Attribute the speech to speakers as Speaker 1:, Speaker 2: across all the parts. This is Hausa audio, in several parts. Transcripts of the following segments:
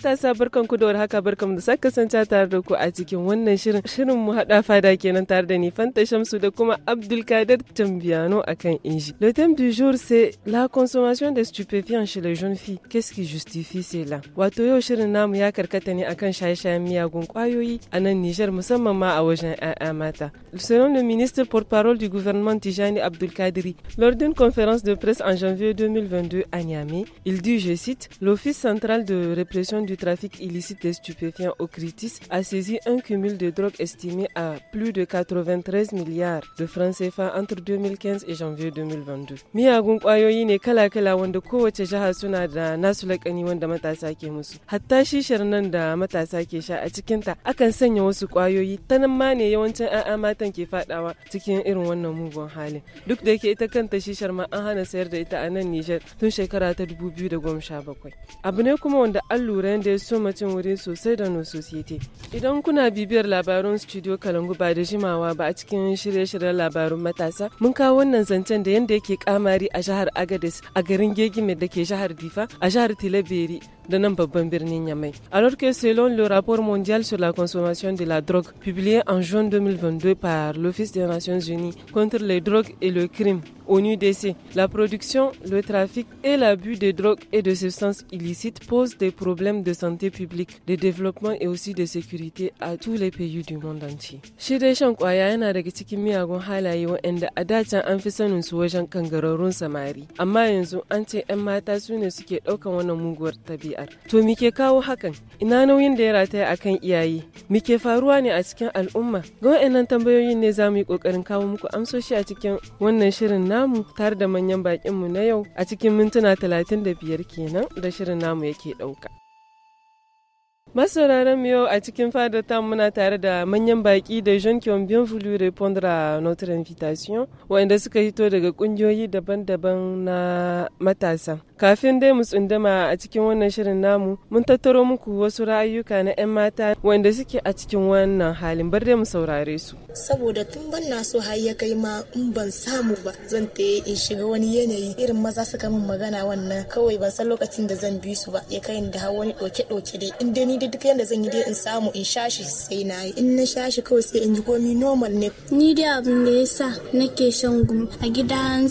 Speaker 1: matasa barkan ku da war haka barkan da sake kasance tare da ku a cikin wannan shirin shirin mu hada fada kenan tare da ni Fanta Shamsu da kuma Abdulkader Tambiano akan inji. Le thème du jour c'est la consommation de stupéfiants chez les jeunes filles. Qu'est-ce qui justifie cela? Wato yau shirin namu ya karkata ne akan shaye-shayen miyagun kwayoyi a nan Nijar musamman ma a wajen 'ya'ya mata. Selon le ministre porte-parole du gouvernement Tijani Abdulkadiri lors d'une conférence de presse en janvier 2022 à Niamey, il dit, je cite, l'Office central de répression du du trafic illicite des stupéfiants au Critis a saisi un cumul de drogue estimé à plus de 93 milliards de francs CFA entre 2015 et janvier 2022. Miyagun kwayoyi ne kala-kala wanda kowace jaha suna da nasu lakani wanda matasa ke musu. Hatta shishar nan da matasa ke sha a cikinta akan sanya wasu kwayoyi ta nan ma ne yawancin 'ya'ya matan ke fadawa cikin irin wannan mugun halin. Duk da yake ita kanta shishar ma an hana sayar da ita a nan niger tun shekara ta 2017. Abu ne kuma wanda an lura da ya so mace wuri sosai da no society. Idan kuna bibiyar labarun studio Kalangu ba da jimawa ba a cikin shirye-shiryen labarun matasa, mun kawo wannan zancen da yadda yake kamari a jihar Agadez, a garin Gegime da ke jihar Difa, a jihar Tilaberi de Alors que selon le rapport mondial sur la consommation de la drogue, publié en juin 2022 par l'Office des Nations Unies contre les drogues et le crime, ONU-DC, la production, le trafic et l'abus de drogues et de substances illicites posent des problèmes de de santé publique, de développement et aussi de sécurité a tous les pays du monde entier. Shi shan kwaya yana daga cikin miyagun halaye waɗanda a da can an fi sanin su wajen kangararrun samari, amma yanzu an ce 'yan mata su ne suke ɗaukan wannan muguwar tabi'ar. To me ke kawo hakan? Ina nauyin da ya rataya akan iyaye? Me ke faruwa ne a cikin al'umma? Ga waɗannan tambayoyin ne za mu yi ƙoƙarin kawo muku amsoshi a cikin wannan shirin namu tare da manyan baƙinmu na yau a cikin mintuna talatin da biyar kenan da shirin namu yake ɗauka. Masauraran yau a cikin fadar ta muna tare da manyan baƙi da Jean qui ont bien voulu répondre à notre invitation, wanda suka hito daga kungiyoyi daban-daban na matasa. Kafin dai mu tsundama a cikin wannan shirin namu, mun tattaro muku wasu ra'ayyuka na 'yan mata wanda suke a cikin wannan halin bar dai mu saurare su.
Speaker 2: Saboda tun ban na so har ya kai ma in ban samu ba zan ta in shiga wani yanayi irin maza suka min magana wannan kawai ban san lokacin da zan bi su ba ya kai da har wani doke doke dai in dai ni duk yanda zan yi dai in samu in sha shi sai na yi in na sha kawai sai in ji komi normal ne. Ni dai abin da yasa nake shan gumi a gida an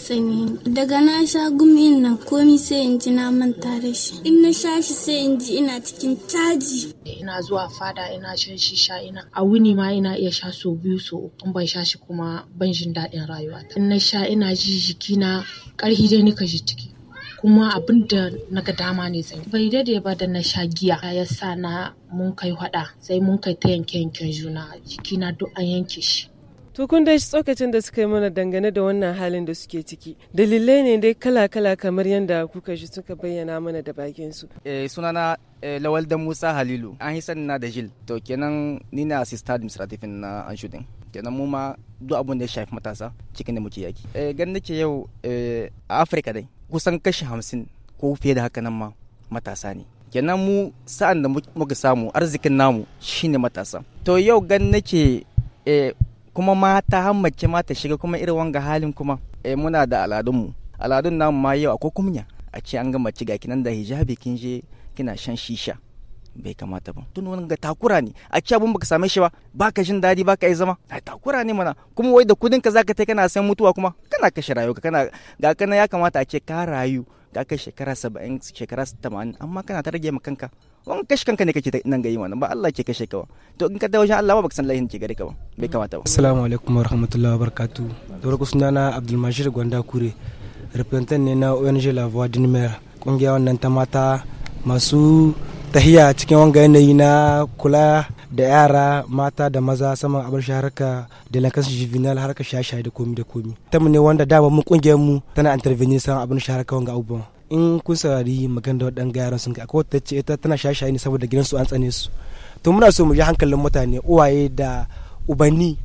Speaker 2: daga na sha gumi nan komi sai sai in ji na manta da shi in na sha shi sai in ji ina cikin caji ina zuwa fada ina shan shisha ina a wuni ma ina iya sha so biyu so uku ban sha shi kuma ban jin daɗin rayuwa in na sha ina ji jikina ƙarfi dai nika ji ciki kuma abin da na ga dama ne zan bai daidai ba da na sha giya ya sa na mun kai hada sai mun kai ta yanke yanken juna
Speaker 3: jikina duk an yanke shi
Speaker 1: To kun dai tsokacin da suka yi mana dangane da wannan halin da suke ciki. Dalilai ne dai kala-kala kamar yadda kuka ji suka bayyana mana da bakin su.
Speaker 4: Eh sunana eh, Lawal da Musa Halilu. An yi na da Jil. To kenan ni na assistant administrative na an shudin. Kenan mu ma duk abun da ya shafi matasa cikin da muke yaki. Eh gan nake yau eh, a Afirka dai kusan kashi hamsin ko fiye da haka nan ma matasa ne. Kenan mu sa'an da muka samu arzikin namu shine matasa. To yau gan nake eh, kuma mata hammace ma ta shiga kuma irin wanga halin kuma eh muna da al'adunmu al'adun namu ma yau akwai kunya a ce an ga mace ga kinan da hijabi kin je kina shan shisha bai kamata ba tun wani ga takura ne a ci abun baka same shi ba baka jin daɗi baka yi zama a takura ne mana kuma wai da kudin ka zaka tai kana san mutuwa kuma kana kashe rayuwa kana ga kana ya kamata a ce ka rayu ga kai shekara 70 shekara 80 amma kana ta rage ma kanka wani kashe kanka ne kake nan ga yin wannan ba Allah ke kashe ka to in ka dawo wajen Allah ba baka san lahin ke gare ka ba bai kamata ba
Speaker 5: assalamu alaikum wa wa rahmatullahi warahmatullahi wabarakatuh da na abdul majid Gwanda Kure representant ne na ONG La Voix du Numer kungiya wannan ta mata masu tahiya cikin wanga yanayi na kula da yara mata da maza sama abar shaharka da lankan juvenal harka shaye da komi da komi ta ne wanda dama mu kungiyar mu tana intervenir saman abin shaharka wanga abubuwan in kun saurari magana da waɗanga sun kai akwai wata ce ita tana shashaye ne saboda gidansu an tsane su to muna so mu ji hankalin mutane uwaye da ubanni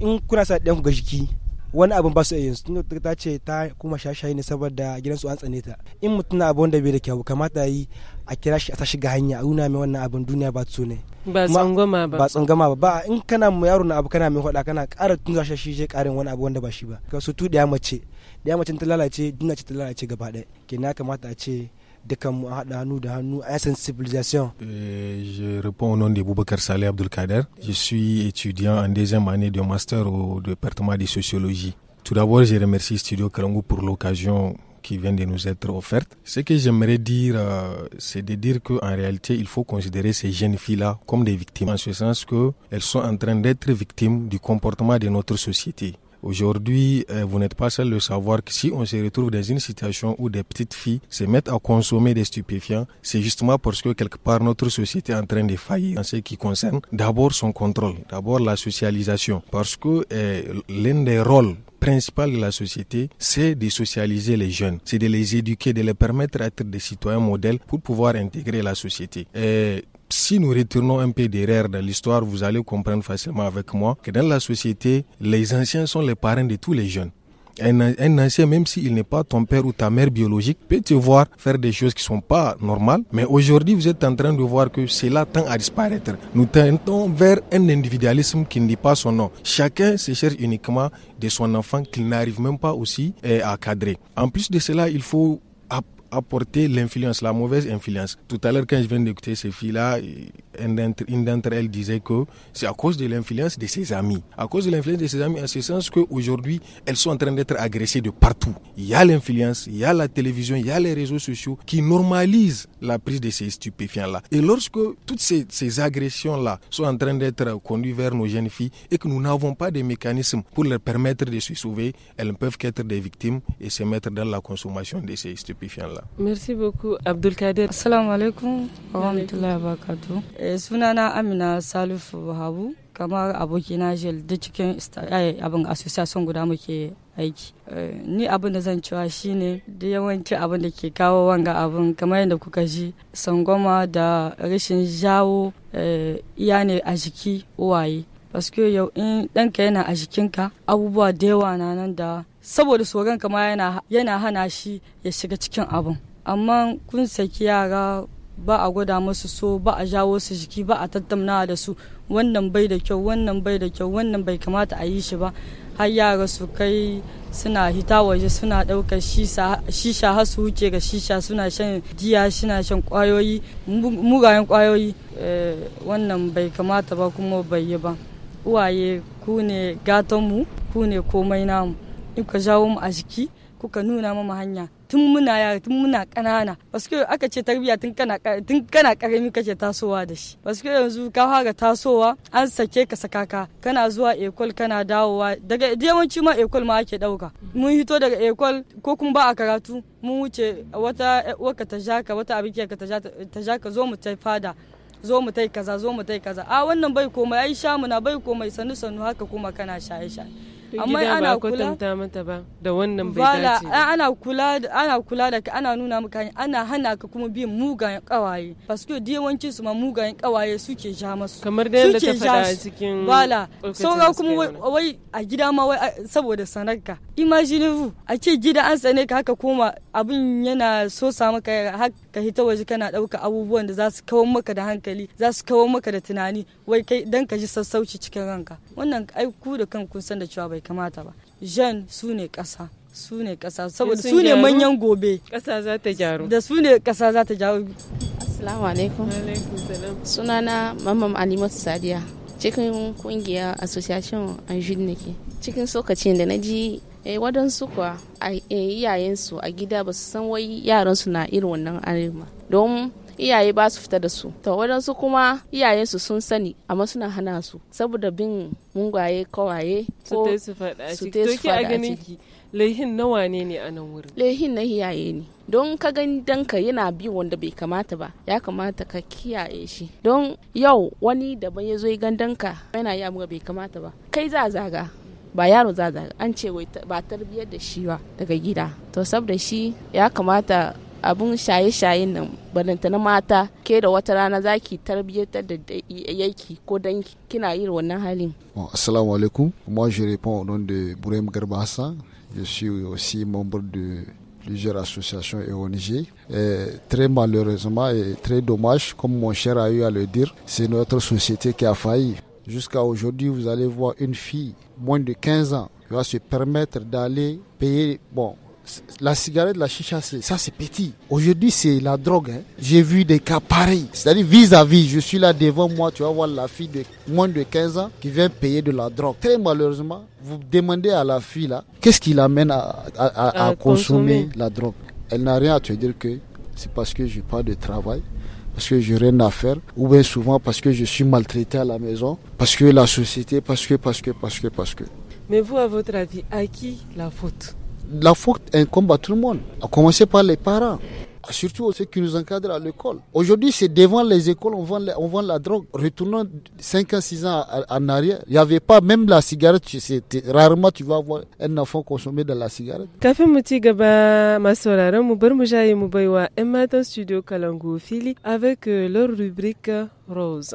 Speaker 5: in kuna sa ɗan ga jiki wani abin ba su iya yin ta ce ta kuma shashaye ne saboda gidansu an tsane ta in mutum na abu wanda bai da kyau kamata yi a kira shi a ta shiga hanya a nuna mai wannan abin duniya ba tsone
Speaker 1: ba tsangwama ba ba
Speaker 5: tsangwama ba ba in kana mu yaro na abu kana mai hoda kana ƙara tunza shi je ƙarin wani abu wanda ba shi ba ka su tuɗiya mace je
Speaker 6: réponds au nom de Boubacar Saleh Abdelkader. Je suis étudiant en deuxième année de master au département de sociologie. Tout d'abord, je remercie Studio Kalangu pour l'occasion qui vient de nous être offerte. Ce que j'aimerais dire, euh, c'est de dire qu'en réalité, il faut considérer ces jeunes filles-là comme des victimes, en ce sens qu'elles sont en train d'être victimes du comportement de notre société. Aujourd'hui, euh, vous n'êtes pas seul de savoir que si on se retrouve dans une situation où des petites filles se mettent à consommer des stupéfiants, c'est justement parce que quelque part notre société est en train de faillir en ce qui concerne d'abord son contrôle, d'abord la socialisation, parce que euh, l'un des rôles principal de la société, c'est de socialiser les jeunes, c'est de les éduquer, de les permettre d'être des citoyens modèles pour pouvoir intégrer la société si nous retournons un peu derrière dans l'histoire, vous allez comprendre facilement avec moi que dans la société, les anciens sont les parents de tous les jeunes. Un, ancien, même s'il n'est pas ton père ou ta mère biologique, peut te voir faire des choses qui sont pas normales. Mais aujourd'hui, vous êtes en train de voir que cela tend à disparaître. Nous tendons vers un individualisme qui ne dit pas son nom. Chacun se cherche uniquement de son enfant qu'il n'arrive même pas aussi eh, à cadrer. En plus de cela, il faut apporter l'influence, la mauvaise influence. Tout à l'heure, quand je viens d'écouter ces filles-là, une d'entre elles disait que c'est à cause de l'influence de ses amis. À cause de l'influence de ses amis, en ce sens qu'aujourd'hui, elles sont en train d'être agressées de partout. Il y a l'influence, il y a la télévision, il y a les réseaux sociaux qui normalisent la prise de ces stupéfiants-là. Et lorsque toutes ces, agressions-là sont en train d'être conduites vers nos jeunes filles et que nous n'avons pas de mécanismes pour leur permettre de se sauver, elles ne peuvent qu'être des victimes et se mettre dans la consommation de ces stupéfiants-là.
Speaker 7: Merci beaucoup, Abdul Kader. Assalamu Eh, sunana amina salifu habu kamar abokina jil da cikin eh, abin asusiyasun guda muke aiki eh, ni abin da zan cewa shine da yawanci abin da ke kawo wanga abin kamar yadda kuka ji sangoma da rashin jawo iya ne a jiki uwaye paske yau in ɗanka yana a jikinka abubuwa da yawa na nan da saboda tsoron kama yana hana shi ya shiga cikin abin amma kun saki yara ba a gwada musu so ba a jawo su jiki ba a tattauna da su wannan bai da kyau wannan bai da kyau wannan bai kamata a yi shi ba har yara su kai suna hita waje suna ɗaukar shisha har su wuce ga shisha suna shan giya suna shan kwayoyi mugayen kwayoyi eh, wannan bai kamata ba kuma bai yi ba uwaye ku ne gatonmu ku ne komai namu in ka jawo mu a jiki kuka nuna mama hanya tun muna yara tun muna kanana basu aka ce tarbiya tun kana karami kake tasowa da shi basu yanzu ka fara tasowa an sake ka sakaka kana zuwa ekol kana dawowa daga yawanci ma ekol ma ake dauka mun hito daga ekol ko kuma ba a karatu mun wuce wata eh, waka ta jaka wata abin ka ta jaka zo mu ta fada zo mu tai kaza zo mu tai kaza a wannan bai komai ai sha muna bai komai sanu sanu haka kuma kana shaye shaye amma ana kula kwatanta
Speaker 1: mata ba da wannan bai dace
Speaker 7: ana kula ana kula da ka ana nuna maka ana hana ka kuma bin mugayen kawaye paske da su ma mugayen kawaye suke ja masu kamar da yadda ta faɗa cikin bala sauran kuma wai a gida ma wai saboda sanarka imaginez-vous a ce gida an sane ka haka koma abin yana so samu ka haka ka hita waje kana ɗauka abubuwan da za su kawo maka da hankali za su kawo maka da tunani wai kai dan ka ji sassauci cikin ranka wannan ai ku da kan kun san da cewa bai kamata ba jan su ne ƙasa su ne ƙasa saboda su ne manyan gobe ƙasa za ta gyaru da su ne ƙasa za ta gyaru assalamu alaikum sunana
Speaker 2: mamam alimatu sadiya cikin kungiya association anjin nake cikin sokacin da na ji eh wadansu kuwa a eh, iyayensu a gida ba su san wai yaransu na irin wannan arima don iyaye ba su fita da su to wadansu kuma iyayensu sun sani amma suna hana su saboda bin mungwaye kawaye ko su faɗa su a ciki
Speaker 1: laihin nawa ne ne a nan wurin
Speaker 2: laihin na iyaye ne don ka gani danka yana bi wanda bai kamata ba ya kamata ka kiyaye shi don yau wani daban ya zo gandanka yana yamuwa bai kamata ba kai za zaga ba yaro za an ce ba tarbiyyar da shi ba daga gida to saboda shi ya kamata abun shaye-shayen nan balanta na mata ke da wata rana za ki tarbiyyatar da yaki ko dan kina yin wannan halin.
Speaker 8: Assalamu alaikum, moi je réponds au nom de Bourem Garba je suis aussi membre de plusieurs associations et ONG. Et très malheureusement et très dommage, comme mon cher a eu à le dire, c'est notre société qui a failli Jusqu'à aujourd'hui, vous allez voir une fille, moins de 15 ans, qui va se permettre d'aller payer. Bon, la cigarette, la chicha, ça c'est petit. Aujourd'hui, c'est la drogue. Hein. J'ai vu des cas pareils. C'est-à-dire vis-à-vis, je suis là devant moi, tu vas voir la fille de moins de 15 ans qui vient payer de la drogue. Très malheureusement, vous demandez à la fille là, qu'est-ce qui l'amène à, consommer. consommer la drogue Elle n'a rien à te dire que c'est parce que je n'ai pas de travail, parce que je n'ai rien à faire, ou bien souvent parce que je suis maltraité à la maison, parce que la société, parce que, parce que, parce que, parce que.
Speaker 1: Mais vous, à votre avis, à qui
Speaker 8: la faute La faute incombe à tout le monde, à commencer par les parents surtout ceux qui nous encadrent à l'école. Aujourd'hui, c'est devant les écoles, on vend, la drogue. Retournons 5 ans, 6 ans en arrière, il n'y avait pas même la cigarette. rarement tu vas voir un enfant consommer de la cigarette.
Speaker 1: Café gaba studio Fili avec euh, leur rubrique euh, Rose.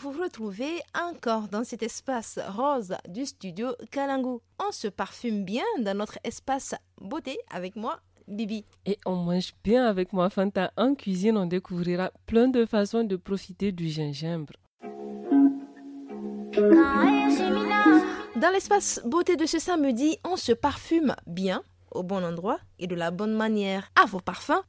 Speaker 3: vous retrouvez encore dans cet espace rose du studio Kalangu. On se parfume bien dans notre espace beauté avec moi, Bibi.
Speaker 1: Et on mange bien avec moi, Fanta. En cuisine, on découvrira plein de façons de profiter du gingembre.
Speaker 3: Dans l'espace beauté de ce samedi, on se parfume bien, au bon endroit et de la bonne manière. À vos parfums,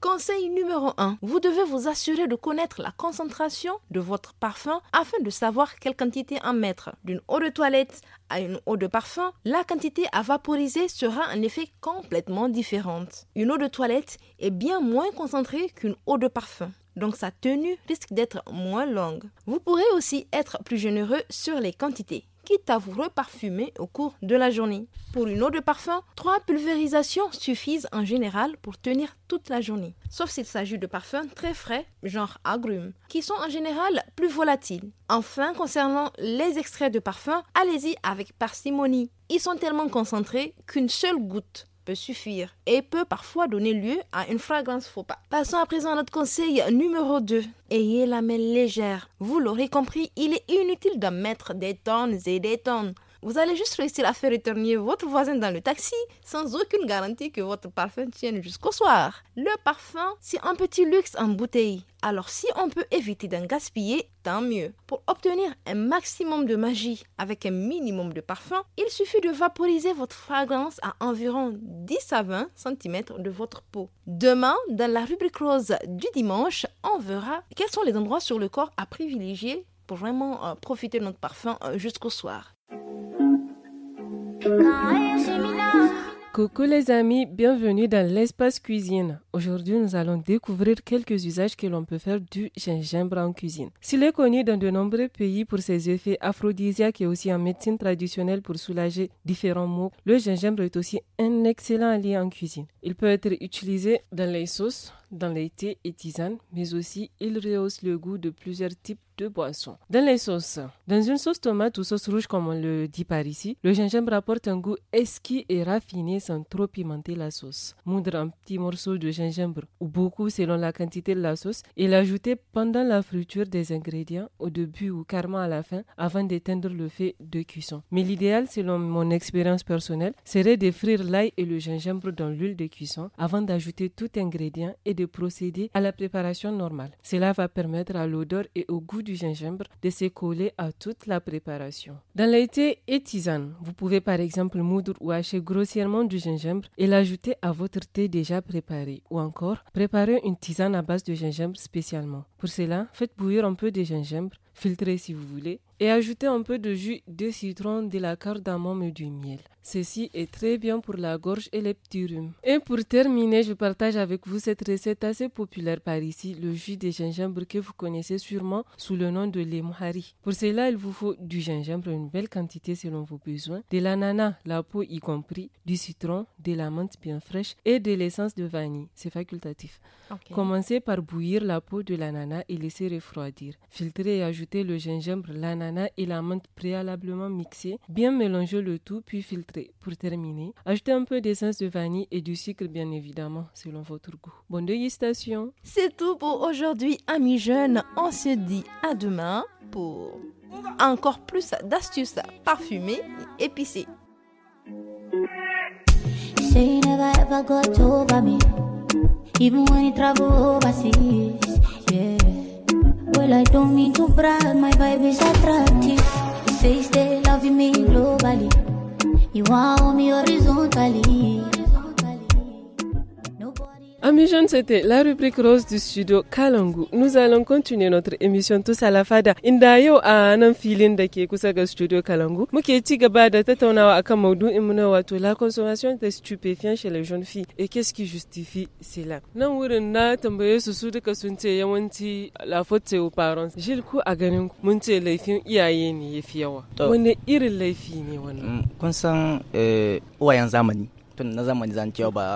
Speaker 3: Conseil numéro 1. Vous devez vous assurer de connaître la concentration de votre parfum afin de savoir quelle quantité en mettre. D'une eau de toilette à une eau de parfum, la quantité à vaporiser sera un effet complètement différente. Une eau de toilette est bien moins concentrée qu'une eau de parfum donc sa tenue risque d'être moins longue. Vous pourrez aussi être plus généreux sur les quantités à vous reparfumer au cours de la journée. Pour une eau de parfum, trois pulvérisations suffisent en général pour tenir toute la journée, sauf s'il s'agit de parfums très frais, genre agrumes, qui sont en général plus volatiles. Enfin, concernant les extraits de parfum, allez-y avec parcimonie. Ils sont tellement concentrés qu'une seule goutte suffire et peut parfois donner lieu à une fragrance faux pas. Passons à présent à notre conseil numéro 2. Ayez la main légère. Vous l'aurez compris, il est inutile de mettre des tonnes et des tonnes vous allez juste réussir à faire éternuer votre voisin dans le taxi sans aucune garantie que votre parfum tienne jusqu'au soir. Le parfum, c'est un petit luxe en bouteille. Alors si on peut éviter d'en gaspiller, tant mieux. Pour obtenir un maximum de magie avec un minimum de parfum, il suffit de vaporiser votre fragrance à environ 10 à 20 cm de votre peau. Demain, dans la rubrique rose du dimanche, on verra quels sont les endroits sur le corps à privilégier pour vraiment euh, profiter de notre parfum euh, jusqu'au soir.
Speaker 1: Coucou les amis, bienvenue dans l'espace cuisine. Aujourd'hui, nous allons découvrir quelques usages que l'on peut faire du gingembre en cuisine. S'il est connu dans de nombreux pays pour ses effets aphrodisiaques et aussi en médecine traditionnelle pour soulager différents maux, le gingembre est aussi un excellent allié en cuisine. Il peut être utilisé dans les sauces, dans les thés et tisanes, mais aussi il rehausse le goût de plusieurs types de boissons. Dans les sauces, dans une sauce tomate ou sauce rouge comme on le dit par ici, le gingembre apporte un goût esquis et raffiné sans trop pimenter la sauce. Moudre un petit morceau de gingembre ou beaucoup selon la quantité de la sauce et l'ajouter pendant la friture des ingrédients au début ou carrément à la fin avant d'éteindre le fait de cuisson. Mais l'idéal selon mon expérience personnelle serait de frire l'ail et le gingembre dans l'huile de cuisson avant d'ajouter tout ingrédient et procéder à la préparation normale. Cela va permettre à l'odeur et au goût du gingembre de se coller à toute la préparation. Dans les thés et tisanes, vous pouvez par exemple moudre ou hacher grossièrement du gingembre et l'ajouter à votre thé déjà préparé ou encore préparer une tisane à base de gingembre spécialement. Pour cela, faites bouillir un peu de gingembre, filtrez si vous voulez, et ajoutez un peu de jus de citron, de la cardamome et du miel. Ceci est très bien pour la gorge et les petits Et pour terminer, je partage avec vous cette recette assez populaire par ici, le jus de gingembre que vous connaissez sûrement sous le nom de lemhari. Pour cela, il vous faut du gingembre, une belle quantité selon vos besoins, de l'ananas, la peau y compris, du citron, de la menthe bien fraîche et de l'essence de vanille. C'est facultatif. Commencez par bouillir la peau de l'ananas et laissez refroidir. Filtrez et ajoutez le gingembre, l'ananas, et la menthe préalablement mixée Bien mélanger le tout puis filtrer. Pour terminer, ajoutez un peu d'essence de vanille et du sucre bien évidemment selon votre goût. Bonne dégustation. C'est tout pour aujourd'hui amis
Speaker 3: jeunes. On se dit à demain pour encore plus d'astuces parfumées et épicées.
Speaker 5: Well, I don't mean to brag, my vibe is attractive. You say you still loving me globally. You want me horizontally.
Speaker 1: Amis jeunes, c'était la rubrique rose du studio Kalangu. Nous allons continuer notre émission tous à la fada. Inda yau a nan filin de qui kusa ga studio Kalangu, muke ci gaba da tattaunawa akan maudu'in mu na wato la consommation de stupéfiants chez les jeunes filles et qu'est-ce qui justifie cela. Nan wurin na tambaye su su duka sun ce yawanci la faute aux parents. Jil ku a ganin mun ce laifin iyaye ne yafi yawa. Wanne irin laifi ne wannan?
Speaker 4: Mm, kun san eh, uwayen zamani. Tun na zamani zan cewa ba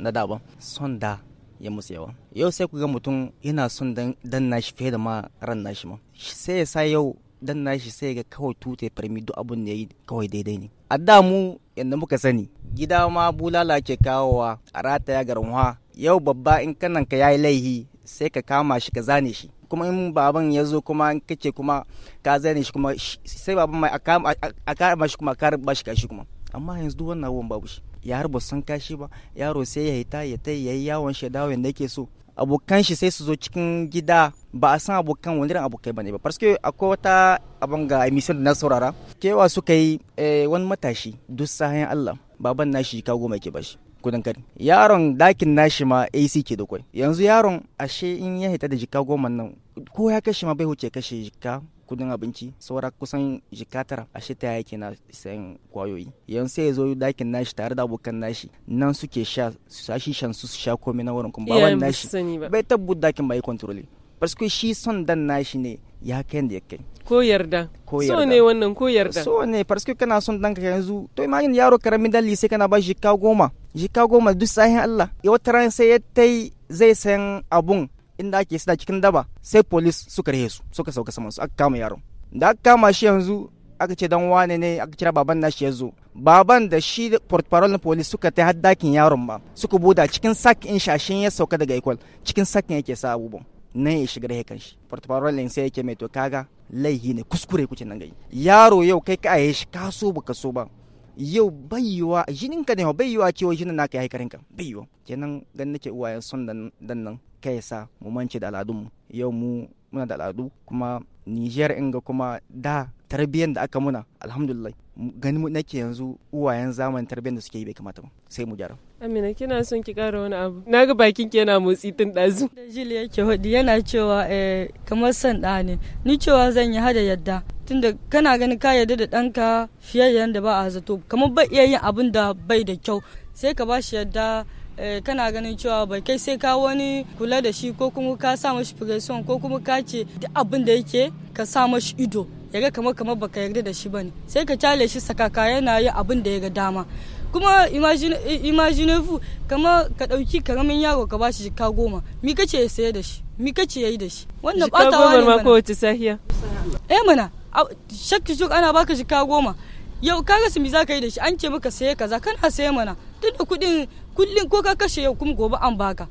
Speaker 4: na da ba son da ya musu yawa yau sai ku ga mutum yana son dan nashi fiye da ma ran nashi ma sai ya sa yau dan nashi sai ga kawai tute farmi duk abin da ya yi kawai daidai ne a da mu yadda muka sani gida ma bulala ke kawowa a rataya garmuwa yau babba in kanan ka yayi laihi sai ka kama shi ka zane shi kuma in baban ya zo kuma in kace kuma ka zane shi kuma sai baban mai a kama shi kuma ka ba shi kashi kuma amma yanzu duk wannan abubuwan babu shi yar ba san kashi ba yaro sai ya hita ya ta yayi yawon shi dawo yanda yake so abokan shi sai su zo cikin gida ba a san abokan wani irin abokai bane ba parce akwai wata abin ga emission da na saurara kewa suka yi eh, wani matashi duk sahayan Allah baban nashi ka goma ke bashi kudin kari yaron dakin nashi ma AC ke da kwai yanzu yaron ashe in ya hita da jika goma nan ko ya kashe ma bai huce kashe jika kudin abinci saura kusan jikatar a shi ta yake na sayan kwayoyi yanzu sai ya zo dakin nashi tare da abokan nashi nan suke sha su sashi shan su sha komai na wurin kuma ba wani nashi bai tabbu dakin bai kontrole parce que shi son dan nashi ne ya kai da ya kai ko yarda ko yarda so ne wannan ko yarda so ne parce que kana son dan ka yanzu to imagine yaro karamin dan sai kana ba shi ka goma shi ka goma duk sahin Allah ya wata ran sai ya tai zai san abun inda ake suna cikin daba sai polis suka rihe su suka sauka saman su aka kama yaron da aka kama shi yanzu aka ce dan wane ne aka kira baban nashi shi zo baban da shi port na polis suka ta har dakin yaron ba suka buda cikin sak in shashin ya sauka daga ikwal cikin sakin yake sa abubuwan nan ya shiga da kan shi portparol din sai yake mai to kaga laihi ne kuskure kuke nan gai yaro yau kai ka aye shi ka so baka so ba yau bayyuwa jinin ka ne ho bayyuwa cewa jinin naka ya haikarin ka bayyuwa kenan gan nake uwayen son dan nan kai sa mu mance da al'adunmu yau mu muna da al'adu kuma Niger inga kuma da tarbiyyar da aka muna alhamdulillah gani nake yanzu uwayen zamanin tarbiyyar da suke yi bai kamata ba sai mu gyara
Speaker 1: amina kina son ki kara wani abu
Speaker 7: na ga bakin ki yana motsi tun ɗazu jil yake hudi yana cewa eh, kamar son da ne ni cewa zan yi hada yadda tunda kana ganin ka yadda da danka fiye da yadda ba a zato kamar ba iya yin abin da bai da kyau sai ka ba shi yadda Eh, kana ganin cewa bai kai sai ka wani kula da shi ko kuma ka sa mashi progression ko kuma ka ce duk abin da yake ka sa mashi ido ya ga kamar kamar baka yarda da shi ba ne sai ka cale shi sakaka yana yi abin da ya ga dama kuma imagine fu kama ka dauki karamin yaro ka bashi jika goma mi kace ya saye da shi mi kace ya yi da shi wannan batawa ne ma kowace sahiya eh mana shakki shuk ana baka jika goma yau kaga su mi za ka yi da shi an ce maka saye kaza kana saye mana duk da kuɗin kullum ko ka kashe yau kuma gobe an baka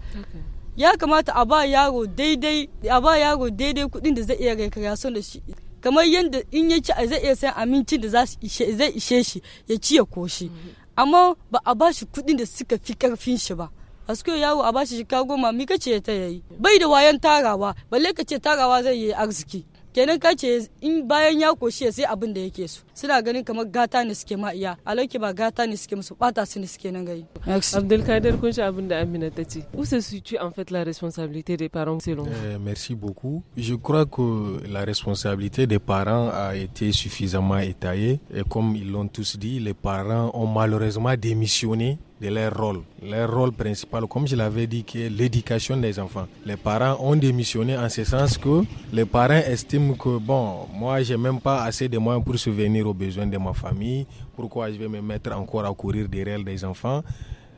Speaker 7: ya kamata a ba yaro daidai a ba yaro daidai kuɗin da zai iya son da shi kamar yadda in ya ci a zai iya sayan amincin da zai ishe shi ya ci ya koshi amma ba a ba shi da suka fi karfin shi ba suke yawo a ba shi kago ma mi kace ta yayi bai da wayan tarawa balle kace tarawa zai yi arziki kenan ka ce in bayan ya koshi sai abin da yake su suna ganin kamar gata ne suke ma iya alauki ba gata ne suke musu bata su ne suke nan gari Abdelkader kun ci
Speaker 1: abin da Amina ta ce où se situe en fait la responsabilité des parents selon euh,
Speaker 6: merci beaucoup je crois que la responsabilité des parents a été suffisamment étayée et comme ils l'ont tous dit les parents ont malheureusement démissionné de leur rôle. Leur rôle principal, comme je l'avais dit, qui est l'éducation des enfants. Les parents ont démissionné en ce sens que les parents estiment que, bon, moi, j'ai même pas assez de moyens pour subvenir aux besoins de ma famille. Pourquoi je vais me mettre encore à courir derrière des enfants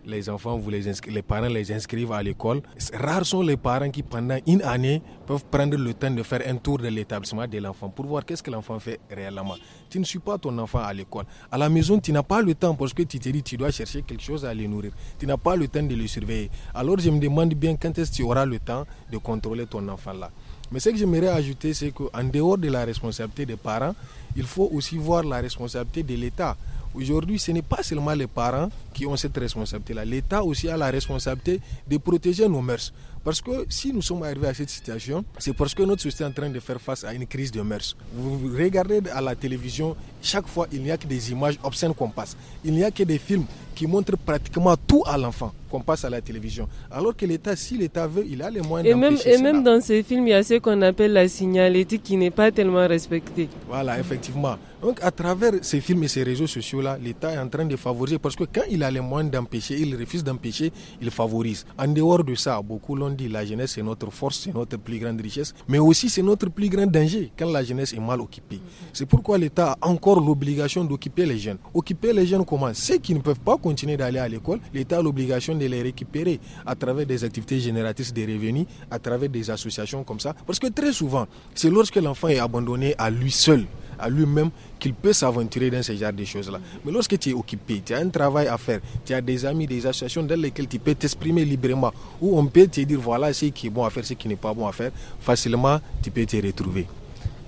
Speaker 6: les enfants, vous les, les parents les inscrivent à l'école. Rares sont les parents qui, pendant une année, peuvent prendre le temps de faire un tour de l'établissement de l'enfant pour voir qu'est-ce que l'enfant fait réellement. Tu ne suis pas ton enfant à l'école. À la maison, tu n'as pas le temps parce que tu te dis, tu dois chercher quelque chose à le nourrir. Tu n'as pas le temps de le surveiller. Alors, je me demande bien quand est-ce que tu auras le temps de contrôler ton enfant là. Mais ce que j'aimerais ajouter, c'est qu'en dehors de la responsabilité des parents, il faut aussi voir la responsabilité de l'État. Aujourd'hui, ce n'est pas seulement les parents qui ont cette responsabilité-là. L'État aussi a la responsabilité de protéger nos mœurs. Parce que si nous sommes arrivés à cette situation, c'est parce que notre société est en train de faire face à une crise de mœurs. Vous regardez à la télévision, chaque fois, il n'y a que des images obscènes qu'on passe. Il n'y a que des films qui montre pratiquement tout à l'enfant qu'on passe à la télévision. Alors que l'État, si l'État veut, il a les moyens et même Et même
Speaker 1: dans ces films, il y a ce qu'on appelle
Speaker 6: la signalétique qui n'est pas tellement respectée. Voilà, effectivement. Donc à travers ces films et ces réseaux sociaux-là, l'État est en train de favoriser parce que quand il a les moyens d'empêcher, il refuse d'empêcher, il favorise. En dehors de ça, beaucoup l'ont dit, la jeunesse est notre force, c'est notre plus grande richesse, mais aussi c'est notre plus grand danger quand la jeunesse est mal occupée. Mhm. C'est pourquoi l'État a encore l'obligation d'occuper les jeunes. Occuper les jeunes comment Ceux qui ne peuvent pas continuer d'aller à l'école, l'État a l'obligation de les récupérer à travers des activités génératrices des revenus, à travers des associations comme ça. Parce que très souvent, c'est lorsque l'enfant est abandonné à lui seul, à lui-même, qu'il peut s'aventurer dans ce genre de choses-là. Mais lorsque tu es occupé, tu as un travail à faire, tu as des amis, des associations dans lesquelles tu peux t'exprimer librement, où on peut te dire voilà ce qui est bon à faire, ce qui n'est pas bon à faire, facilement tu peux te retrouver.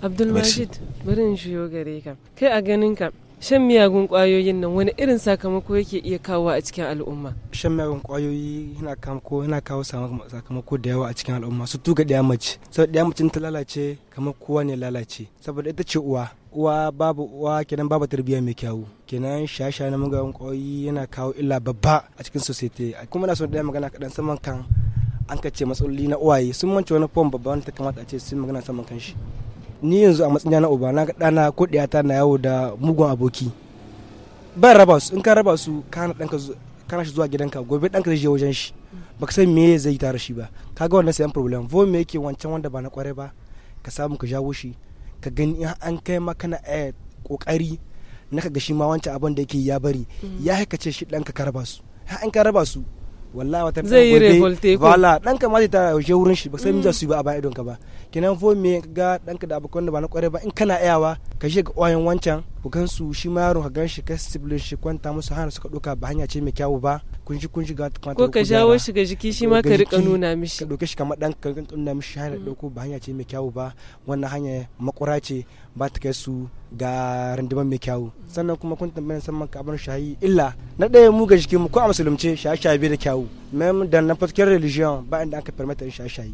Speaker 1: Abdul Majid, shan miyagun kwayoyin nan wani irin sakamako yake iya kawo a cikin al'umma shan miyagun kwayoyi
Speaker 5: yana kawo yana sakamako da yawa a cikin al'umma su tuga ɗaya mace saboda ɗaya mace ta lalace kamar kowa ne lalace saboda ita ce uwa uwa babu uwa kenan babu tarbiyya mai kyau kenan shasha na mugayen kwayoyi yana kawo illa babba a cikin society kuma na so ɗaya magana kaɗan saman kan an ka ce matsaloli na uwaye sun mance wani fom babba wani ta kamata a ce sun magana saman kan shi ni yanzu a matsayina na uba na ga ɗana ko ɗiyata na yawo da mugun aboki ba raba su in ka raba su kana ɗanka kana shi zuwa gidanka gobe ɗanka zai je wajen shi baka san me zai tare shi ba kaga wannan an problem vo me yake wancan wanda ba na kware ba ka samu ka jawo shi ka gani an kai ma kana eh kokari na ka ga shi ma wancan abin da yake ya bari mm. ya haka ce shi ɗanka ka raba su ha an ka raba su wallahi wata zai yi revolte ko wala dan ka ma ta yaushe wurin shi ba sai mm. za su yi ba a ba idon ka ba kenan fo me ga dan ka da abokan da ba na kware ba in kana iyawa ka shiga oyan wancan ku su shi ma yaro ka gan shi ka sibilin shi kwanta musu hana suka doka ba hanya ce mai kyawu ba kun ji kun ji ga kwanta ko ka jawo shi ga jiki shi ma ka rika nuna mishi ka doke shi kamar dan ka nuna mishi hana dauko ba hanya ce mai kyawu ba wannan hanya makura ce ba ta kai su ga runduban mai kyawu sannan kuma kun tambaya san maka abin shayi illa na ɗaya mu ga jikin mu ko a musulunce shayi shayi bai da kyawu mem da na fatkin religion ba inda aka permita shayi shayi.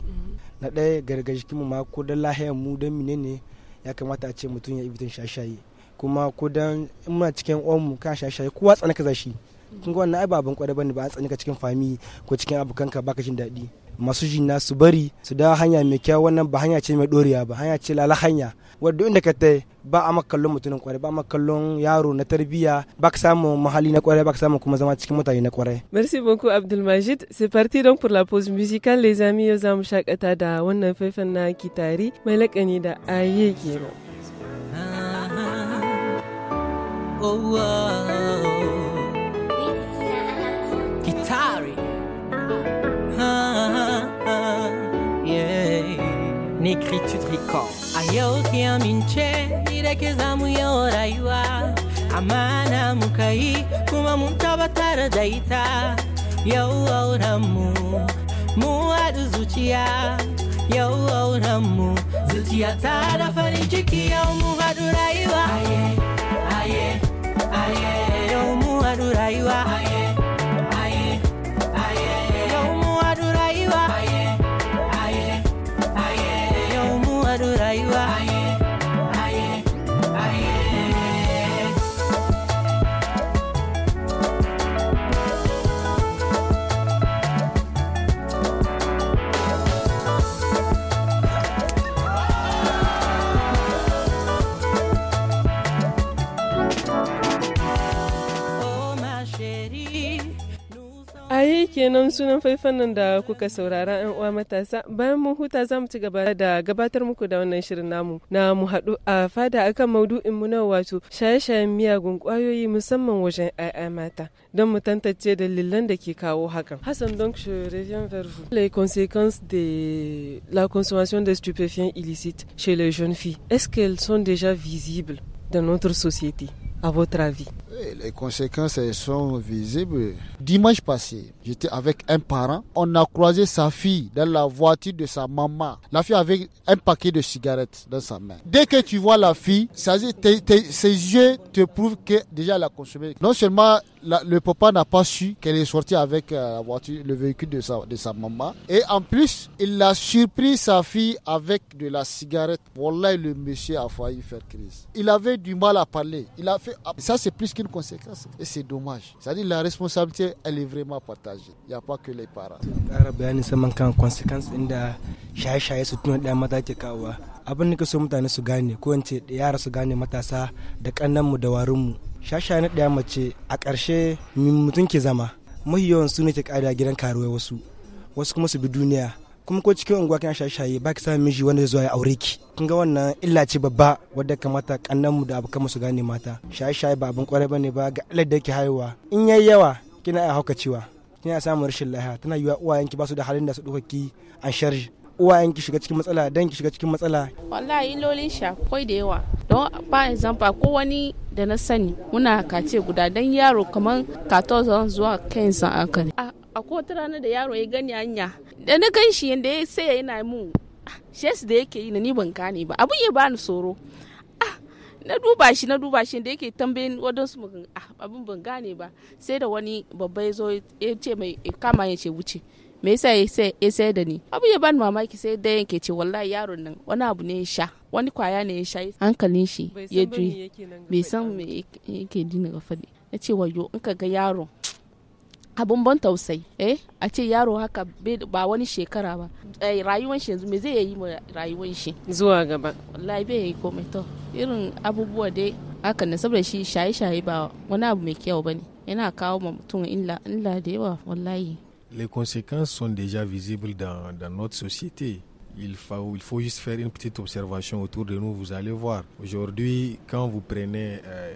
Speaker 5: na ɗaya ga jikin mu ma ko da lahiyar mu don menene ya kamata a ce mutum ya ibitin shayi shayi kuma kudan muna cikin uwanmu ka shashaye kowa tsana za shi kun ga wannan ai ba abin bane ba an ka cikin fami ko cikin abokanka baka jin daɗi masu jina su bari su da hanya mai kyau wannan ba hanya ce mai doriya ba hanya ce lala hanya wadda inda ka tai ba a makallon mutumin kwarai ba a makallon yaro na tarbiyya ba ka samu mahali na kwarai ba ka samu kuma zama cikin mutane na kwarai
Speaker 1: merci beaucoup abdulmajid c'est parti donc pour la pause musicale les amis yau za mu shakata da wannan faifan na kitari mai lakani da aye kenan
Speaker 7: oh, oh. Kitari. Ah, ah, yeah. Negritude Record. Ayoki aminche, irekeza muya oraiwa. Amana mukai, kuma muntabatara daita. Yau auramu, muadu zuciya. Yau auramu, zuciya ta da farin ciki yau mu haɗu rayuwa yau mu haɗu rayuwa
Speaker 1: kenan sunan faifan nan da kuka saurara yan uwa matasa bayan mun huta za mu ci gaba da gabatar muku da wannan shirin namu na mu haɗu a fada akan maudu'in mu na wato shaye-shayen miyagun kwayoyi musamman wajen 'ya'ya mata don mu tantance dalilan da ke kawo hakan. Hassan donc je reviens vers vous. Les conséquences de la consommation de stupéfiants illicites chez les jeunes filles, est-ce qu'elles sont déjà visibles dans notre société? à votre
Speaker 8: avis Les conséquences sont visibles. Dimanche passé, j'étais avec un parent. On a croisé sa fille dans la voiture de sa maman. La fille avait un paquet de cigarettes dans sa main. Dès que tu vois la fille, ses yeux te prouvent que déjà elle a consommé. Non seulement le papa n'a pas su qu'elle est sortie avec euh, la voiture, le véhicule de sa, de sa maman. Et en plus, il a surpris sa fille avec de la cigarette. Voilà, le monsieur a failli faire crise. Il avait du mal à parler. Il a fait fait, ça c'est plus qu'une conséquence et c'est dommage. C'est-à-dire la responsabilité elle est vraiment partagée. Il n'y a pas que les parents.
Speaker 5: bayani saman kan conséquence inda shaye-shaye su tuna da mata Abin da ka so mutane su gane ko in ce yara su gane matasa da mu da warin mu shaye na ɗaya mace a karshe mutum ke zama. Mahi yawan su ne ke ƙada gidan karuwa wasu. Wasu kuma su bi duniya kuma ko cikin unguwa kina shaye-shaye ba ki samun miji wanda zai zuwa ya aure ki Kin ga wannan illa ce babba wadda kamata kannan mu da abokan su gane mata shaye-shaye ba abin kwarai bane ba ga alar da haihuwa in yayi yawa kina iya hauka cewa kina samun rashin lafiya tana yiwa uwayenki ba su da halin da su duka ki an sharji uwayenki shiga cikin matsala dan ki shiga cikin matsala
Speaker 2: wallahi lolin sha koi da yawa don ba example ko wani da na sani muna kace guda dan yaro kaman 14 zuwa 15 haka ne a wata rana da yaro ya gani hanya da na gan shi yadda ya sai yana mun ah, shes da yake yi na ni ban gane ba abin ya bani tsoro ah, na duba shi na duba shi da yake tambayin wadansu mu ah, abin ban gane ba sai da wani babba ya zo ya ce mai kama ya ce wuce me yasa ya sayar da ni abu ya bani mamaki sai da yanke ce wallahi yaron nan wani abu ne ya sha wani kwaya ne ya sha hankalin shi ya ji bai san me yake dina ga faɗi na ce wayo in ka ga yaro abun ban tausayi eh a ce yaro haka ba wani shekara ba eh rayuwar shi yanzu me zai yi ma rayuwar shi zuwa gaba wallahi bai yi komai to irin abubuwa dai haka ne saboda shi shaye-shaye ba wani abu mai kyau bane yana kawo ma mutum illa illa da yawa wallahi
Speaker 6: les conséquences sont déjà visibles dans, dans notre société. Il faut, il faut juste faire une petite observation autour de nous, vous allez voir. Aujourd'hui, quand vous prenez euh,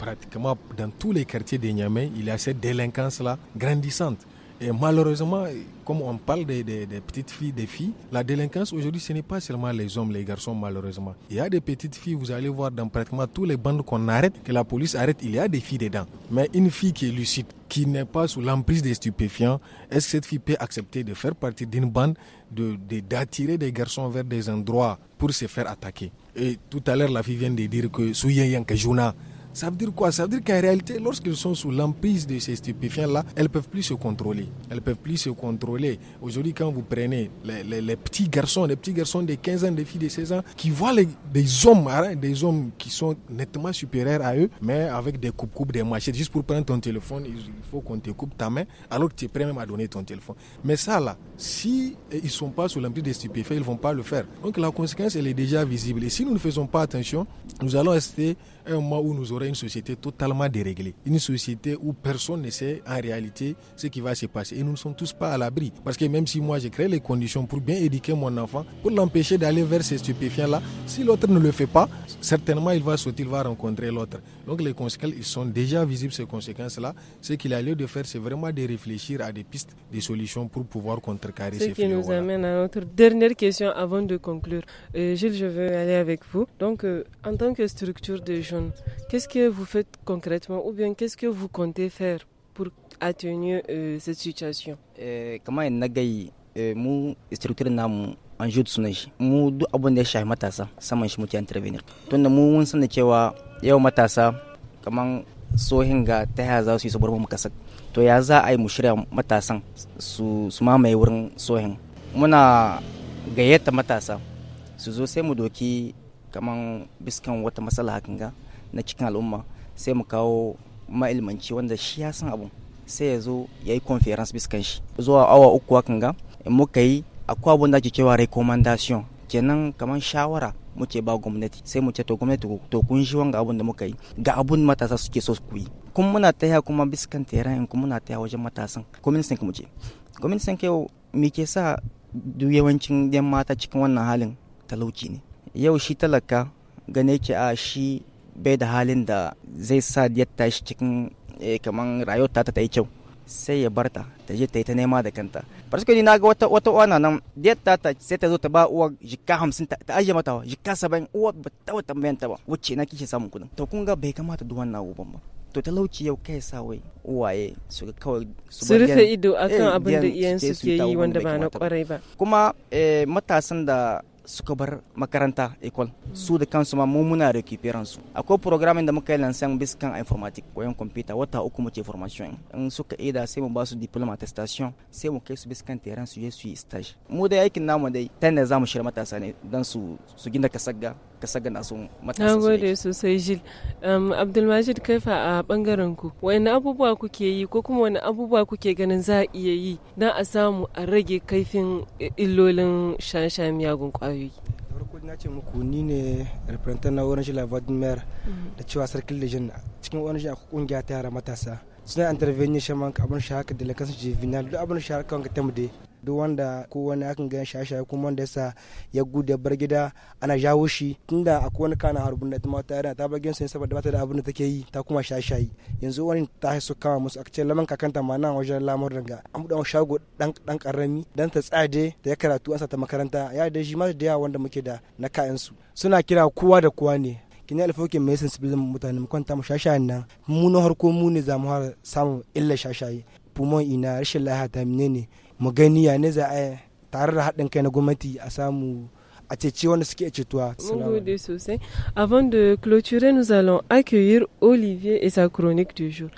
Speaker 6: pratiquement dans tous les quartiers de Niamey, il y a cette délinquance-là grandissante. Et malheureusement, comme on parle des, petites filles, des filles, la délinquance aujourd'hui, ce n'est pas seulement les hommes, les garçons, malheureusement. Il y a des petites filles, vous allez voir dans pratiquement tous les bandes qu'on arrête, que la police arrête, il y a des filles dedans. Mais une fille qui est lucide, qui n'est pas sous l'emprise des stupéfiants, est-ce que cette fille peut accepter de faire partie d'une bande, d'attirer de, d'attirer des garçons vers des endroits pour se faire attaquer Et tout à l'heure, la fille vient de dire que Souyeyanka Juna, ça veut dire quoi Ça veut dire qu'en réalité, lorsqu'ils sont sous l'emprise de ces stupéfiants-là, elles ne peuvent plus se contrôler. Elles ne peuvent plus se contrôler. Aujourd'hui, quand vous prenez les, les, petits garçons, les petits garçons de 15 ans, des filles de 16 ans, qui voient des hommes, hein, des hommes qui sont nettement supérieurs à eux, mais avec des coupes-coupes, des machettes, juste pour prendre ton téléphone, il faut qu'on te coupe ta main, alors que tu es prêt même à donner ton téléphone. Mais ça, là, si ils ne sont pas sous l'emprise des stupéfiants, ils ne vont pas le faire. Donc la conséquence, elle est déjà visible. Et si nous ne faisons pas attention, nous allons rester un mois où nous aurons une société totalement déréglée. Une société où personne ne sait en réalité ce qui va se passer. Et nous ne sommes tous pas à l'abri. Parce que même si moi j'ai créé les conditions pour bien éduquer mon enfant, pour l'empêcher d'aller vers ces stupéfiants-là, si l'autre ne le fait pas, certainement il va sauter, il va rencontrer l'autre. Donc les conséquences, ils sont déjà visibles, ces conséquences-là. Ce qu'il a lieu de faire, c'est vraiment de réfléchir à des pistes, des solutions pour pouvoir contrecarrer ces Ce qui nous
Speaker 1: amène à notre dernière question avant de conclure. Euh, Gilles, je veux aller avec vous. Donc, euh, en tant que structure de jeunes, personnes, qu'est-ce que vous faites concrètement ou bien qu'est-ce que vous comptez faire pour atténuer euh, cette situation eh,
Speaker 4: Comment est eh, mu structure nam en jeu de shi mu do abin da ya ça matasa saman shi intervenir tunda mu mun san da cewa yau matasa kaman sohin ga ta yaya za su yi su bar mu kasa to ya za a yi mu shirya matasan su su mamaye wurin sohin muna gayyata matasa su zo sai mu doki kaman biskan wata masala hakan ga na cikin al'umma sai mu kawo ma'ilmanci wanda shi ya san abun sai ya zo ya yi conference biskan shi zuwa awa uku wa ga in muka yi akwai abun da ake cewa recommendation kenan kamar shawara muke ba gwamnati sai mu ce to gwamnati to kun shi wanga abun da muka yi ga abun matasa suke so ku yi kun muna taya kuma kan tera in kun muna taya wajen matasan gwamnati sun mu ce gwamnati sun yau me ke sa duk yawancin yan mata cikin wannan halin talauci ne yau shi talaka gane ki a shi bai da halin da zai sa diyatta shi cikin eh, kamar rayuwar ta ta yi kyau sai ya bar ta ta je ta yi ta nema da kanta farko ni na ga wata wata uwa nan diyatta ta sai ta zo ta ba uwa jikka hamsin ta ajiye mata jikka saba'in uwa ba ta wata tambayan ta ba wacce na kishi samun kudin to kun ga bai kamata duwan na uban ba to talauci yau kai sa wai uwaye su ga kawai su su rufe ido akan eh, abin da iyayen su ke yi wanda ba na kwarai ba kuma eh, matasan da suka bar makaranta ecole su da kansu ma mun muna recuperan su akwai programin da muka yi lansan biskan informatic koyon computer wata uku muke formation in suka ida sai mu ba su diploma attestation sai mu kai su biskan terrain su yi su yi stage mu da aikin namu dai ta ne za mu shirya matasa ne dan su su gina kasagga ka saga nasu matasa. Na gode
Speaker 1: sosai Jil. Um, Abdulmajid Kaifa a bangaren ku, wani abubuwa kuke yi ko kuma wani abubuwa kuke ganin za a iya yi don a samu a rage kaifin illolin shansha miyagun kwayoyi? farko na ce
Speaker 5: muku ni ne representant na orange la vladimir mhm. da cewa sarkin Lejin cikin orange a kungiya ta yara matasa suna intervenir man abin shahaka da lakansu juvenile duk abin shahaka wanka tamude duk wanda ko wani akan gan shasha kuma wanda yasa ya gude bar gida ana jawo shi tunda akwai wani kana harbun da ta yana ta bar sai saboda ba ta da abin da take yi ta kuma shashayi yanzu wani ta su kama musu aka ce laman kakanta ma nan wajen lamar daga an buɗe shago dan dan karami dan ta tsade da ya karatu an ta makaranta ya da shi ma da yawa wanda muke da na kayan su suna kira kowa da kowa ne kini alfoke mai sensibilizm mutane mu kwanta mu shashayen nan mu na harko mu ne za mu samun illa shashaye pumon ina rashin lahata mene ne Avant
Speaker 1: de clôturer, nous allons accueillir Olivier et sa
Speaker 9: chronique du jour.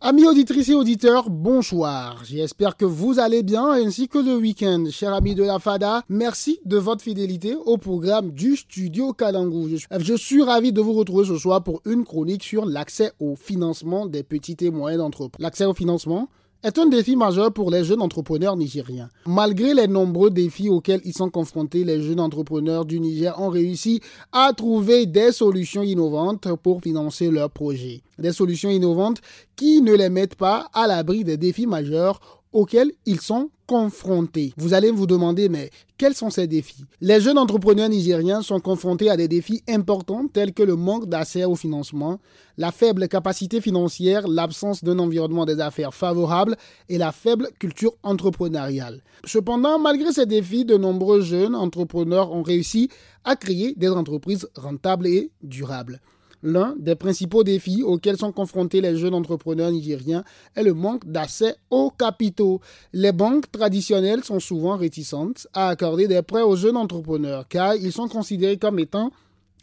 Speaker 9: Amis auditrices et auditeurs, bonsoir. J'espère que vous allez bien ainsi que le week-end. Chers amis de la FADA, merci de votre fidélité au programme du studio Kalangou. Je suis, je suis ravi de vous retrouver ce soir pour une chronique sur l'accès au financement des petites et moyennes entreprises. L'accès au financement est un défi majeur pour les jeunes entrepreneurs nigériens. Malgré les nombreux défis auxquels ils sont confrontés, les jeunes entrepreneurs du Niger ont réussi à trouver des solutions innovantes pour financer leurs projets. Des solutions innovantes qui ne les mettent pas à l'abri des défis majeurs auxquels ils sont confrontés. Vous allez vous demander, mais quels sont ces défis Les jeunes entrepreneurs nigériens sont confrontés à des défis importants tels que le manque d'accès au financement, la faible capacité financière, l'absence d'un environnement des affaires favorable et la faible culture entrepreneuriale. Cependant, malgré ces défis, de nombreux jeunes entrepreneurs ont réussi à créer des entreprises rentables et durables l'un des principaux défis auxquels sont confrontés les jeunes entrepreneurs nigériens est le manque d'accès aux capitaux. Les banques traditionnelles sont souvent réticentes à accorder des prêts aux jeunes entrepreneurs car ils sont considérés comme étant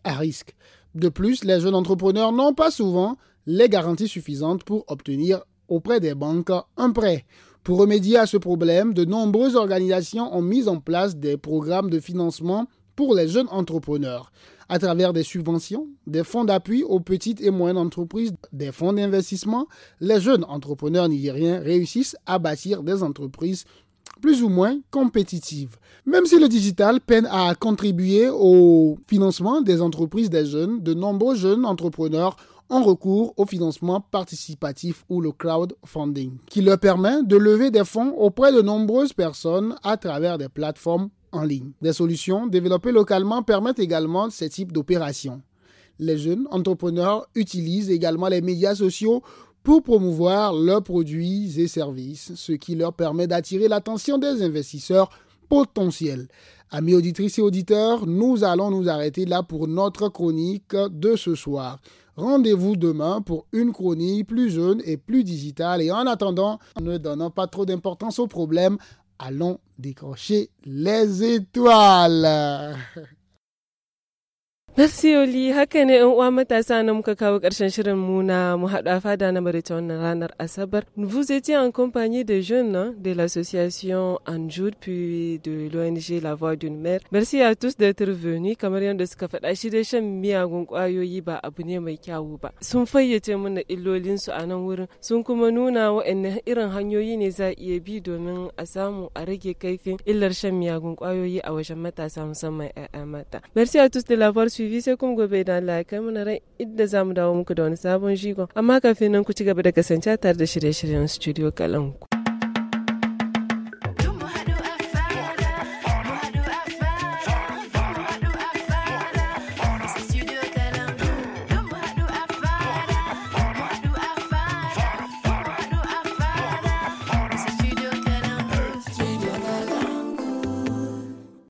Speaker 9: à risque. De plus, les jeunes entrepreneurs n'ont pas souvent les garanties suffisantes pour obtenir auprès des banques un prêt. Pour remédier à ce problème, de nombreuses organisations ont mis en place des programmes de financement pour les jeunes entrepreneurs à travers des subventions, des fonds d'appui aux petites et moyennes entreprises, des fonds d'investissement, les jeunes entrepreneurs nigériens réussissent à bâtir des entreprises plus ou moins compétitives. Même si le digital peine à contribuer au financement des entreprises des jeunes, de nombreux jeunes entrepreneurs ont recours au financement participatif ou le crowdfunding, qui leur permet de lever des fonds auprès de nombreuses personnes à travers des plateformes des solutions développées localement permettent également ces types d'opérations. Les jeunes entrepreneurs utilisent également les médias sociaux pour promouvoir leurs produits et services, ce qui leur permet d'attirer l'attention des investisseurs potentiels. Amis auditrices et auditeurs, nous allons nous arrêter là pour notre chronique de ce soir. Rendez-vous demain pour une chronique plus jeune et plus digitale. Et en attendant, ne donnant pas trop d'importance aux problèmes, allons décrocher les étoiles.
Speaker 1: Oli, haka ne yan uwa matasa na muka kawo karshen shirin mu na mu haɗu a fada na bari ta wannan ranar Asabar. Vous étiez en compagnie des jeunes de l'association Un jour puis de l'ONG La Voix d'une Mère. Merci à tous d'être venus kamar yadda suka faɗa shi dai shan miyagun ƙwayoyi ba abu ne mai kyawu ba. Sun fayyace mana illolin su a nan wurin sun kuma nuna waɗanne irin hanyoyi ne za a iya bi domin a samu a rage kaifin illar shan miyagun ƙwayoyi a wajen matasa musamman 'ya'ya mata. Merci à tous de l'avoir TV sai kuma gobe da Allah kai mu ran idda zamu dawo muku da wani sabon shigon amma kafin nan ku ci gaba da kasance tare da shirye-shiryen studio kalanku.